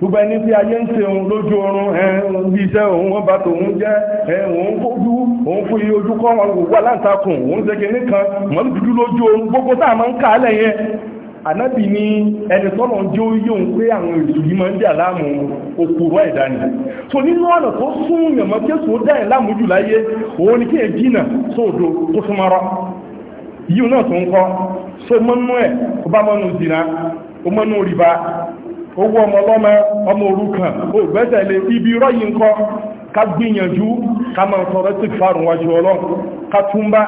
[SPEAKER 1] gbogbo ẹni tí ayé ń ṣe òun lójú oorun ẹ̀hún iṣẹ́ òun wọ́n bá tòun jẹ́ ẹ̀hún fojú òun fún iye ojú kọ́ wọn wà láǹtakùn òun ṣe kìnnìkan mọ́lù lójú oorun gbogbo sáà máa ń kà á lẹ́yìn ànábì ní ẹni tọ́nà jẹ́ oyé òun pé àwọn èsù yìí máa ń dà láàmú òkúrọ̀ ẹ̀dá ni so nínú ọ̀nà tó sún yànmọ́ kéṣù ó dá ẹ̀ láàmú jù láyé òun ni kí ẹ jìnà sóòdo tó súnmọ́rọ́ yíò náà tó ń kọ́ so mọ́nú ẹ̀ ó bá mọ́nú zina ó mọ́nú rìbá owó ọmọ ọlọ́mọ ọmọ òrukàn ó gbẹ́sẹ̀ ibi irọ́ yìí ń kọ́ ká gbìyànjú ká máa sọ̀rọ̀ sí fárùn wájú ọlọ́run ká túnbá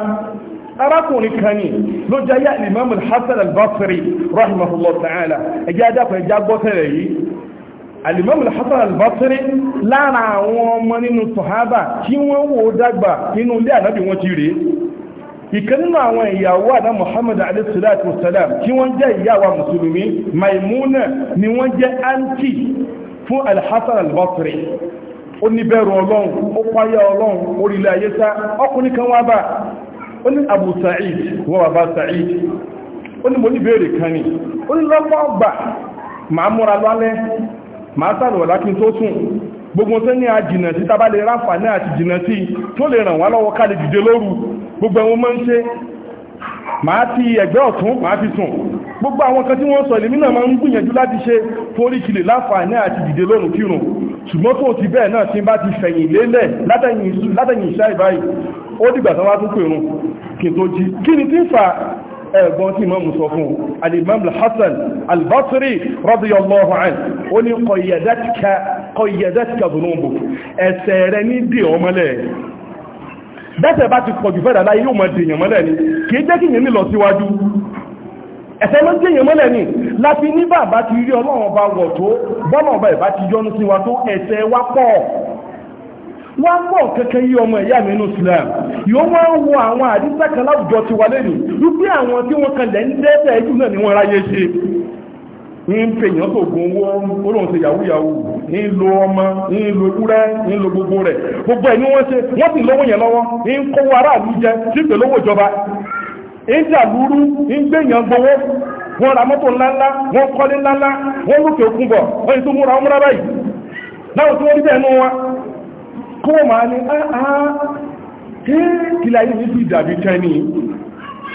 [SPEAKER 1] arákùnrin kan ní ló jẹ́ yá Imam al-Hasan al-Basri rahimahullah ta'ala ẹjẹ́ adápọ̀ ẹjẹ́ agbọ́sẹ̀rẹ̀ yìí al-Imam al-Hasan al-Basri lára àwọn ọmọ nínú sọ̀hábà tí wọ́n wò dàgbà nínú ilé ànábì wọn ti rèé ìkan nínú àwọn ìyàwó àdá Muhammad alayhi salatu wassalam tí wọ́n jẹ́ ìyàwó mùsùlùmí Maimuna ni wọ́n ọkùnrin kan wá bá ó ní Abu Sa'id wọ́n bàbá Sa'id ó ní mo ní béèrè kan ní ó ní lọ́pọ̀ ọgbà máa múra lálẹ́ máa sàrò lákín tó sùn gbogbo tó ní àjìnà sí tábà lè ráfà náà àti jìnà sí tó lè ràn wá lọ́wọ́ ká lè dìde lóru gbogbo ẹ̀wọ̀n máa ń ṣe máa ti ẹ̀gbẹ́ ọ̀tún máa fi sùn gbogbo àwọn kan tí wọ́n sọ ìlú náà máa ń gbìyànjú láti ṣe torí ó dìgbà tán wá tún pè rún kí tó jí kí ni tí ń fa ẹ̀gbọ́n tí mọ́mù sọ fún al-imam al-hassan al-basri radiyallahu an ó ní kọ̀yẹ̀dẹ́tìkà zunubu ẹ̀ṣẹ̀ rẹ̀ ní dì ọmọlẹ̀ bẹ́sẹ̀ bá ti pọ̀jù fẹ́ dáadáa ni kìí jẹ́ kí yẹn ní ni láti ní bàbá ti rí ọlọ́run bá wọ̀ tó bọ́lọ̀ bá ìbá wọ́n á mọ̀ kankan yí ọmọ ìyá mi nínú Islam yóò wọ́n á wọ àwọn àdísá kan láwùjọ ti wà lẹ́nu wípé àwọn tí wọ́n kan lẹ́ ń dẹ́sẹ̀ ẹjú náà ni wọ́n ráyé ṣe ń fèèyàn tó gun owó olóhùn ṣe yahoo yahoo ń lo ọmọ ń lo ewúrẹ́ ń lo gbogbo rẹ̀ gbogbo ẹ̀ ni wọ́n ṣe wọ́n sì lówó yẹn lọ́wọ́ ń kówó aráàlú jẹ sípè lówó ìjọba ń jà lúrú ń gbèyàn gbowó wọ́n ra mọ́tò ńláńlá wọ́n kọ́lé ńláńlá wọ́n lókè òkun bọ̀ wọ́n yìí tó múra ọmọ rárá yìí láwọn tí wọ́n rí bẹ́ẹ̀ nú wa kó máa ní àà ah, tí ah, kìlá yìí ti dàbí tẹ́ni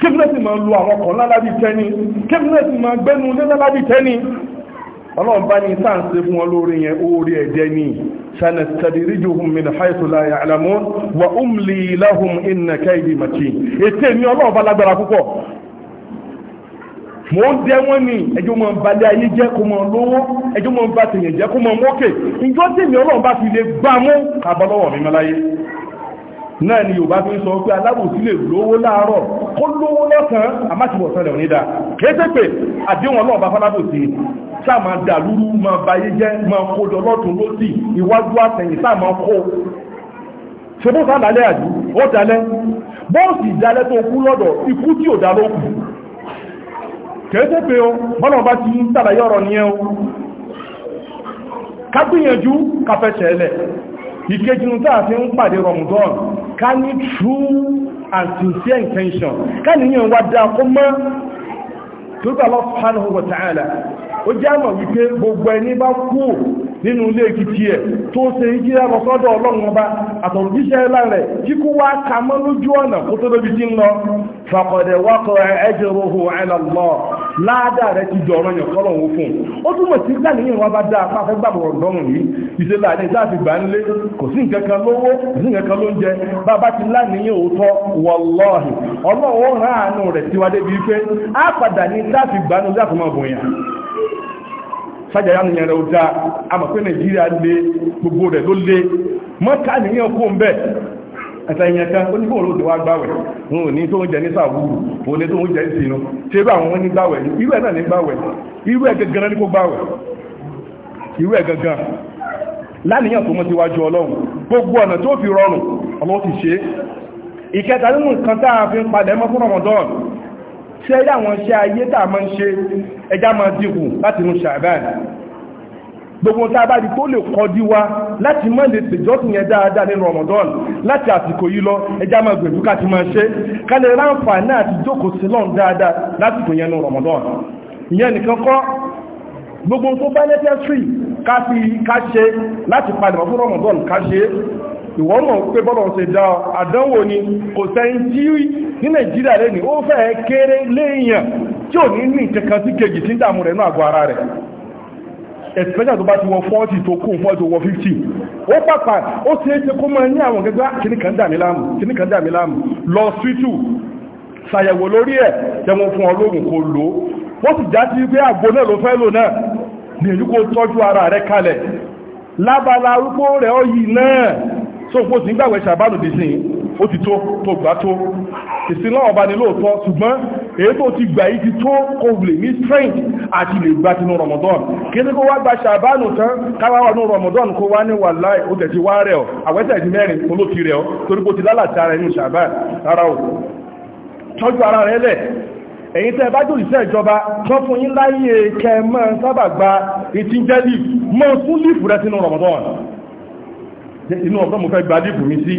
[SPEAKER 1] kébìlẹ́sì máa lu àwọn kan lálábí tẹ́ni kébìlẹ́sì máa gbẹ́nu lé lálábí tẹ́ni ọlọ́run bá ní sáàǹsì fún wọn lórí yẹn orí ẹ̀jẹ̀ ni sanastadirijuhum min haythu la ya'lamun wa umli lahum inna kaydi matin ètè mi ọlọ́run bá lágbára púpọ̀ mò ń dẹ wọ́n ní ẹjọ́ mọ̀ balẹ̀ ayé jẹ́ kó mọ̀ lówó ẹjọ́ mọ̀ bá tèèyàn jẹ́ kó mọ̀ mókè ìjọ tèmi ọlọ́run bá fi lè gbá mú àbálọ́wọ̀ mi mọ́láyé náà ni yorùbá fi ń sọ pé alábòsí lè lówó láàárọ̀ kó lówó lọ́sàn-án àmásìwọ̀sán rẹ̀ onídà kéèsè pé àdéhùn ọlọ́ọ̀bá falábòsí sáà máa dàlúrú máa bayé jẹ́ máa kójọ lọ́tún lósì iwájú àtẹ̀yìn sáà máa kó ṣe bó sá lálẹ́ àjú ó dalẹ́ bọ́ọ̀sì ìdálẹ́ tó kú lọ́dọ̀ ikú tí ò dá lókùn
[SPEAKER 2] kẹ́ẹ́sẹ́ pé o bọ́nà bá ti
[SPEAKER 1] ń tàlàyé ọ̀rọ̀ ní ẹun ká gbìyànjú káfẹ́sẹ̀ ẹlẹ̀ ìkéjìnú tàà fi ń pàdé rọmùdọ́n ká ní true and sincere intention ká níyàn wá dá kó mọ́ ta'ala ó jẹ́ àmọ̀ wípé gbogbo ẹni bá kú nínú ilé ìkìtì ẹ̀ tó ṣe lọ sọ́dọ̀ ọlọ́run ọba rẹ̀ kú wá ka mọ́ lójú ọ̀nà kó tó lóbi ń lọ láàdá rẹ ti jọ yàn kọ́lọ̀ wọn fún un ó túmọ̀ sí gbàníyàn wọn bá dá apá fẹ́ gbàgbọ́ ọ̀dọ́rùn yìí ìṣe láàdá ìṣe àti gbà ń lé kò sí nǹkan kan lówó kò sí nǹkan kan ló ń jẹ bàbá ti láníyàn òótọ́ wọlọ́ọ̀hì ọlọ́wọ́ rán àánú pé á padà ní sájàyà rẹ̀ dáa pé nàìjíríà lé gbogbo rẹ̀ ló lé mọ́ká kó ń ẹ̀sẹ̀yìn ẹ̀kan ó ní bóòrò ti wá gbàwẹ̀ wọn ò ní tó ń jẹ ní sàwúrù òun ní tó ń jẹ ní sinú ṣé bá àwọn ní gbàwẹ̀ ní irú ẹ̀ náà ní gbàwẹ̀ irú ẹ̀ gangan ní kó gbàwẹ̀ irú ẹ̀ gangan láníyàn tó mọ́ ti wájú ọlọ́run gbogbo ọ̀nà tó fi rọrùn ọlọ́run ti ṣe ìkẹta nínú nǹkan tá a fi ń padà mọ́ fún Ramadan ṣe ẹ̀yà àwọn iṣẹ́ ayé tá a máa ń ṣe ẹjá máa dínkù láti inú Ṣàbáàn gbogbo tá a bá di kó lè kọjú wa láti mọ́ lè ṣèjọ́sìn yẹn dáadáa nínú Ramadan láti àsìkò yìí lọ ẹjá máa gbèrú ká ti máa ṣe ká lè ráǹfà náà ti jókòó sí lọ́n dáadáa lásìkò yẹn nínú Ramadan ìyẹn nìkan kọ́ gbogbo tó bá lẹ́tẹ́sì ká fi ká ṣe láti palẹ̀mọ́ fún Ramadan ká ṣe ìwọ́n mọ̀ pé bọ́lọ̀ ṣe dá àdánwò ni kò sẹ́yìn tí ní Nàìjíríà lẹ́ni ó fẹ́ kéré léèyàn tí ò ní ní ìkẹkàn sí kejì tí ń dààmú rẹ̀ náà àgọ́ ara rẹ̀ especially tó bá ti wọ 40 tó kún 40 tó wọ 50 ó pàpà ó ti é ṣe kó mọ́ ní àwọn gẹ́gẹ́ kìníkan dà mí láàmú kìníkan dà mí láàmú lọ sítù ṣàyẹ̀wò lórí ẹ̀ tẹ́wọ́n fún ọlọ́gùn kó lò wọ́n sì já sí pé àgbo náà ló fẹ́ lò náà ní èyí kó tọ́jú ara rẹ̀ kalẹ̀ lábala arúgbó rẹ̀ ó yìí náà tó kó sì ń gbàwẹ̀ dìsìn ó ti tó tó gbà tó ìsìn ni lóòótọ́ ṣùgbọ́n èyí tó ti gbà yìí ti tó kò lè ní strength àti lè gbà tinú Ramadan kéde kó wá gba ṣàbánù tán káwá wà ní Ramadan kó wá ní wàláì ó tẹ̀sí wá rẹ̀ ọ́ àwẹ́sẹ̀ ti mẹ́rin olóòtú rẹ̀ ọ́ torí kó ti lálàtí ara inú ṣàbán rárá o tọ́jú ara rẹ̀ lẹ̀ ẹ̀yin tẹ́ bá jò ìṣẹ́ ìjọba tán fún yín láyé kẹmọ́ sábà gba ìtí jẹ́ lì mọ́ fún lífù rẹ̀ sínú Ramadan inú ọ̀pọ̀ mo fẹ́ gba lífù mi sí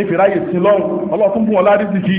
[SPEAKER 1] ìfìráyè sí lọ́run ọlọ́tún fún ọlá rí sí kí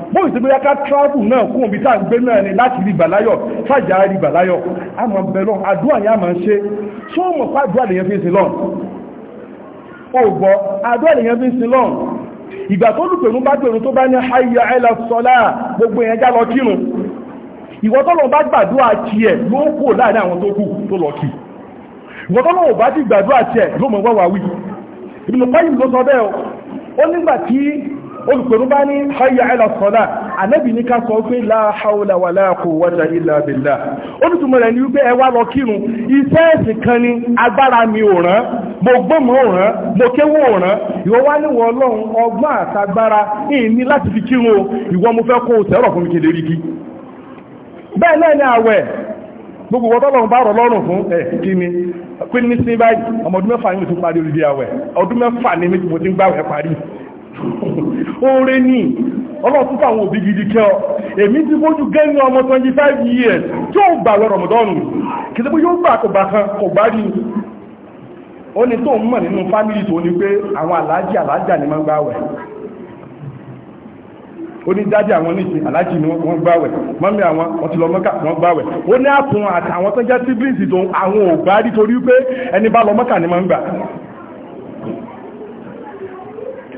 [SPEAKER 1] bó ìsinmi yáká travel náà kún òbí tá à ń gbé náà ni láti rí bàláyọ̀ fàjà rí bàláyọ̀ a máa bẹ̀ lọ àdúrà yà máa ń ṣe ṣó mọ̀ fún àdúrà lèyàn fi ń sin lọ́n ó gbọ́ àdúrà lèyàn fi ń sin lọ́n ìgbà tó lùpẹ̀rù bá pẹ̀rù tó bá ní hayya ala salah gbogbo èèyàn já lọ kírun ìwọ tó lọ bá gbàdúrà tiẹ̀ ló ń kó láàrin àwọn olùpẹ̀rú bá ní hayya ala salat ànábì ní ká sọ pé la hawla wala quwwata illa billah olùtùmọ̀ rẹ̀ ní wípé ẹ wá lọ kírun iṣẹ́ ẹ̀sìn kan ní agbára mi ò rán mo gbọ́mọ̀ ò rán mo kéwò ò rán ìwọ wá níwọ̀ ọlọ́run ọgbọ́n àtagbára ìní láti fi kírun o mo fẹ́ kó tẹ́rọ̀ fún mi kí lè kí ni sí báyìí ọmọ mẹ́fà ní mo ti parí orí àwẹ̀ ọdún mẹ́fà ní mo ti parí oore ní ọlọ́tún àwọn òbí gidi kẹ́ ọ èmi ti bójú gẹ́nu ọmọ 25 years tí ó gbà lọ rọmọdọ́nù kìí sẹ́gbé yóò gbà kọ̀gbà kan kọ̀gbà rí ó ní tó ń mọ̀ nínú fámílì tó ní pé àwọn aláàjì aláàjà ni wọ́n gbàwẹ̀ ó ní dájì àwọn níṣe aláàjì ni wọ́n gbàwẹ̀ mọ́mí àwọn ọtí lọ mọ́kà wọ́n gbàwẹ̀ ó ní àtún àtàwọn tó jẹ́ siblings tó àwọn ò gbà rí torí pé ni wọ́n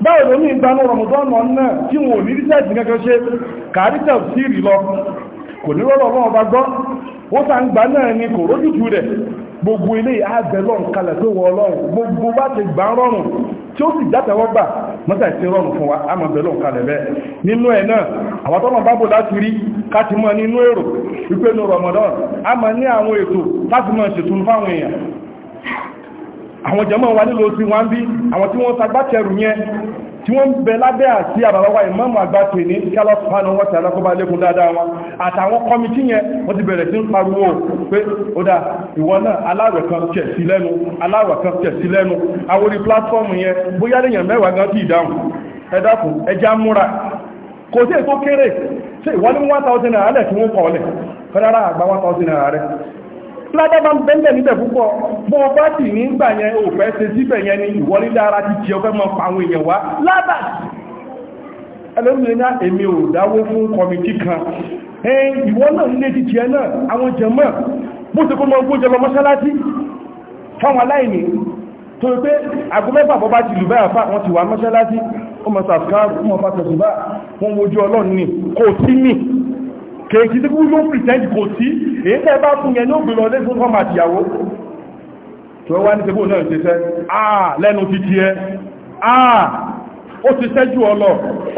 [SPEAKER 1] báwo ló ní ìgbanú náà tí wọ́n ní ríṣẹ́ẹ̀tì kankan ṣe sí rí lọ kò ní rọ́rọ̀ bá gbọ́ ó ń ni kò rójútu rẹ̀ gbogbo ilé àgbẹ̀lọ́n kalẹ̀ tó wọ ọlọ́run gbogbo bá ti gbà rọrùn tí ó sì játẹ̀wọ́ gbà mọ́tà ìsí rọrùn fún wa àmọ̀bẹ̀lọ́n kalẹ̀ bẹ́ẹ̀ nínú ẹ̀ náà àwọn tọ́nà nínú èrò àwọn jẹmọ́ wa nílò sí wọ́n bí àwọn tí wọ́n sagbátẹrù yẹn tí wọ́n bẹ lábẹ́ àti àbàbáwà ìmáàmù àgbà pè ní kálọ́ sùpánù wọ́n ti alákọ́bá lékún dáadáa wọn àtàwọn kọmití yẹn wọ́n ti bẹ̀rẹ̀ sí ń pariwo pé ó dà ìwọ náà aláwẹ̀ kan tẹ̀ sí lẹ́nu aláwẹ̀ kan tẹ̀ sí lẹ́nu àwòrí pílátífọ́ọ̀mù yẹn bóyá lèèyàn mẹ́wàá gan one thousand naira ládàbà ń bẹ́ńdẹ̀ níbẹ̀ púpọ̀ bọ́ ọba sì ní gbà yẹn ò fẹ́ ṣe síbẹ̀ yẹn ni ìwọlé dára ti jẹ ọfẹ́ mọ́ àwọn èèyàn wá lábà ẹlẹ́mìnira ní èmi ò dáwó fún kọmitì kan ẹn ìwọ náà nílé ti jẹ náà àwọn jẹmọ́ bó ti kó mọ́ ogún jẹ lọ mọ́ṣáláṣí fáwọn aláìní tó pé àgọ́mẹ́fà bọ́bá ti lùbẹ́ àfá wọ́n ti wà mọ́ṣáláṣí ó mọ́ sàfíkà wọ́n mọ́ fàtẹ̀sùbá wọ́n wojú ọlọ́run ní kò tí mì kèèkì tí kúrú ló pìtẹ́ǹdì kò sí èyí tẹ́ bá fún yẹn ní ògbèrò ọdẹ́ tó fọ́n àtìyàwó tí wọ́n wá ní tẹ́gbò náà ṣeṣẹ́ àà lẹ́nu ti ti ẹ àà ó ti ṣẹ́jú ọlọ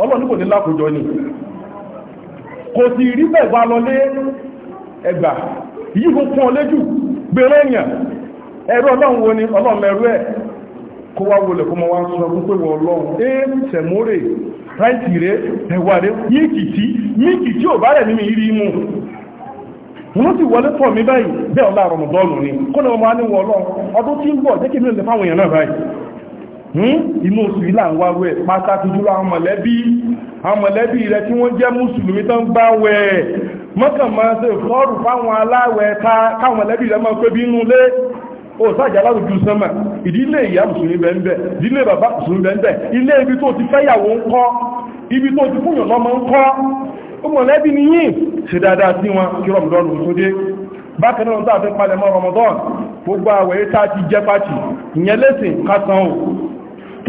[SPEAKER 1] ọlọ nípò ní lákòjọ ni kò sì rí bẹ̀gbà lọlé ẹgbà yìí kò fún ọlẹ́jù gbèrè èèyàn ẹ̀rọ ọlọ́run wo ni ọlọ́run ẹ̀rú ẹ̀ kó wá wọlé kó mọ wá sọ fún pé wọ́n ọlọ́run ẹ̀ ráìtì rẹ̀ ẹ̀wà rẹ̀ míìkì tí míìkì tí ò bá rẹ̀ nínú ìrí mú wọ́n ti wọlé tọ́ mi báyìí bẹ́ẹ̀ ọlá rọmọdọ́ọ̀nù ni kó ní ọmọ aníwọ̀ ọdún tí ń bọ̀ jẹ́ kí mi fáwọn èèyàn náà báyìí hmm? inú oṣù ń wáwẹ́ pàtàkì jùlọ àwọn mọ̀lẹ́bí àwọn ìdílé ìyá mùsùlùmí bẹ́ẹ̀ ìdílé bàbá mùsùlùmí bẹ́ẹ̀ ilé ibi tó ti fẹ́yàwó ń kọ́ ibi tó ti fúnyàn lọ́mọ ń kọ́ ó mọ̀lẹ́bí ni yìí ṣe dáadáa sí wọn kí rọmọdọ́nù tó dé bákan náà tá a fi palẹ̀mọ́ rọmọdọ́n gbogbo àwẹ̀ tá a ti jẹ́ pàtì ìyẹn lẹ́sìn kásán o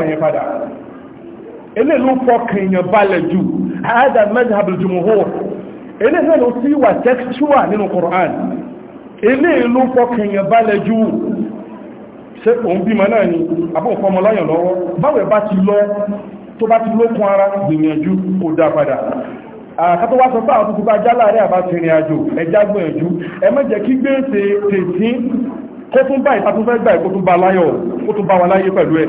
[SPEAKER 1] ọ̀rọ̀ yẹn padà ilé ló fọkàn èèyàn balẹ̀ jù àádà madhhabul jumhur ilé náà ló sí wà textua nínú Qur'an ilé ló fọkàn èèyàn balẹ̀ jù ṣe òun bímọ náà ni àbọ̀ fọmọláyàn lọ́wọ́ báwẹ̀ bá ti lọ tó bá ti lókun ara gbìyànjú kò dá padà àkàtọ́ wá sọ fáà tuntun bá jálà rẹ̀ àbá ti rìn àjò ẹjá gbìyànjú ẹ má kí gbèsè tètín kó tún bá ìtàkùnfẹ́ gbà ìkó tún bá láyọ̀ kó tún bá wa láyé pẹ̀lú ẹ̀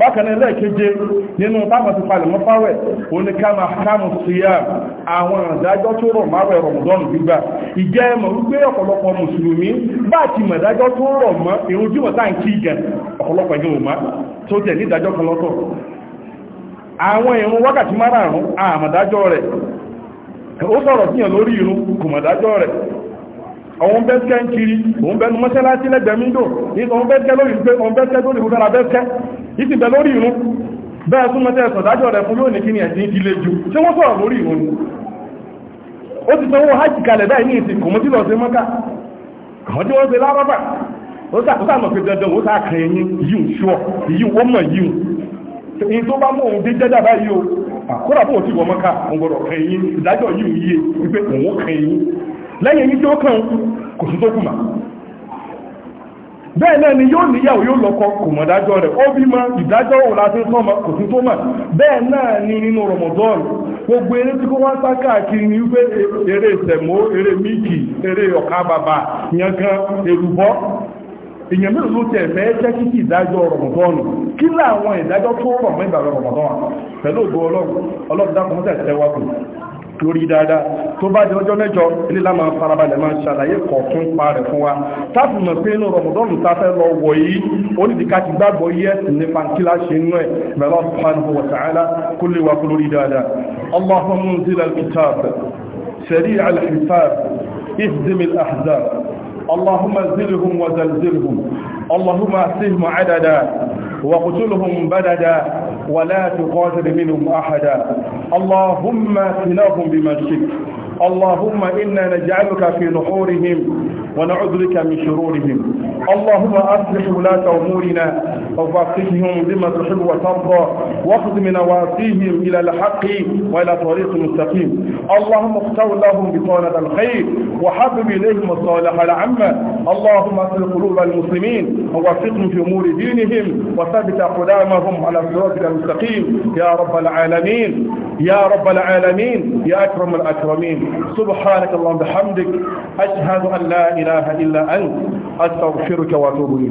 [SPEAKER 1] bákan ẹlẹ́ẹ̀keje nínú tábàtí palẹ̀mọ́ fáwẹ̀ oníkàmà kàmù síyà àwọn ìdájọ́ tó rọ̀ máwẹ̀ rọ̀mùdọ́n gbígbà ìjẹ́ ẹmọ̀ wípé ọ̀pọ̀lọpọ̀ mùsùlùmí bá ti ma ìdájọ́ tó rọ̀ mọ́ èrò jíwọ̀ tá ń ìgẹ̀ ọ̀pọ̀lọpọ̀ àwọn bẹ́ẹ̀kẹ́ ń kiri òun bẹ́ẹ̀nu mọ́ṣáláṣí lẹ́gbẹ̀mídò ìtọ̀un bẹ́ẹ̀kẹ́ lórí pé òun bẹ́ẹ̀kẹ́ lórí ìrúdára bẹ́ẹ̀kẹ́ ìsìn bẹ̀ lórí ìrún bẹ́ẹ̀ tún mọ́tẹ́ ẹ̀sọ̀dájọ́ rẹ̀ fún lónìí kíni ẹ̀sìn ìdílé ju tí wọ́n sọ̀rọ̀ lórí ìrún ó ti sanwó hajj kalẹ̀ báyìí ní ìsìn kò mọ́ tí lọ sí mọ́ká àwọn tí wọ́n ṣe lárọ́bà ó sàkóso àmọ̀ pé dandan ó sàkà ẹ̀yìn yìí ń ṣọ́ èyí ó mọ̀ yìí èyí tó bá mọ̀ òun dé jẹ́jà báyìí o àkúrà bó ti wọ́n mọ́ká òun gbọ́dọ̀ kẹ̀yìn ìdájọ́ yìí ń yíye wípé òun kẹ̀yìn lẹ́yìn yí tí ó kàn kò tó kùnmà bẹ́ẹ̀ náà ni yóò níyàwó yóò lọ́kọ kò mọ̀ dájọ́ rẹ̀ ó ìdájọ́ òun láti ń sọ́mọ kò tó mọ̀ bẹ́ẹ̀ náà ni nínú gbogbo eré tí kó wá ní wípé eré eré míìkì eré ọ̀ká bàbà èrùbọ́ èèyàn ló tẹ̀ jẹ́ ìdájọ́ kí láwọn ìdájọ́ tó rọ̀ lórí dáadáa tó bá di ọjọ́ mẹ́jọ ilé-ìlà máa farabalẹ̀ máa ṣàlàyé kọ̀ọ̀kún pa rẹ̀ fún wa táàfù mọ̀ pé inú rọ̀mọ̀dọ́nù tá a fẹ́ lọ wọ̀ yìí ó ní ìdíkà ti gbàgbọ́ yẹ ní pàǹkìlá ṣe inú ẹ̀ mẹ́lọ́ subhanahu wa ta'ala kó lè wà kó lórí dáadáa allahumma munzil al-kitab sari' al-hisab ihzim al-ahzab اللهم زلهم وزلزلهم اللهم اهسهم عددا وقتلهم بددا ولا تقاتل منهم أحدا اللهم اكفناهم بما شئت اللهم إنا نجعلك في نحورهم ونعوذ بك من شرورهم اللهم أصلح ولاة أمورنا وفقهم بما تحب وترضى واخذ من نواصيهم إلى الحق وإلى طريق مستقيم اللهم اختر لهم بطانة الخير وحبب إليهم الصالح العامة اللهم أصل قلوب المسلمين ووفقهم في أمور دينهم وثبت أقدامهم على الصراط المستقيم يا رب العالمين يا رب العالمين يا أكرم الأكرمين سبحانك اللهم بحمدك أشهد أن لا إله إلا أنت أستغفرك وأتوب إليك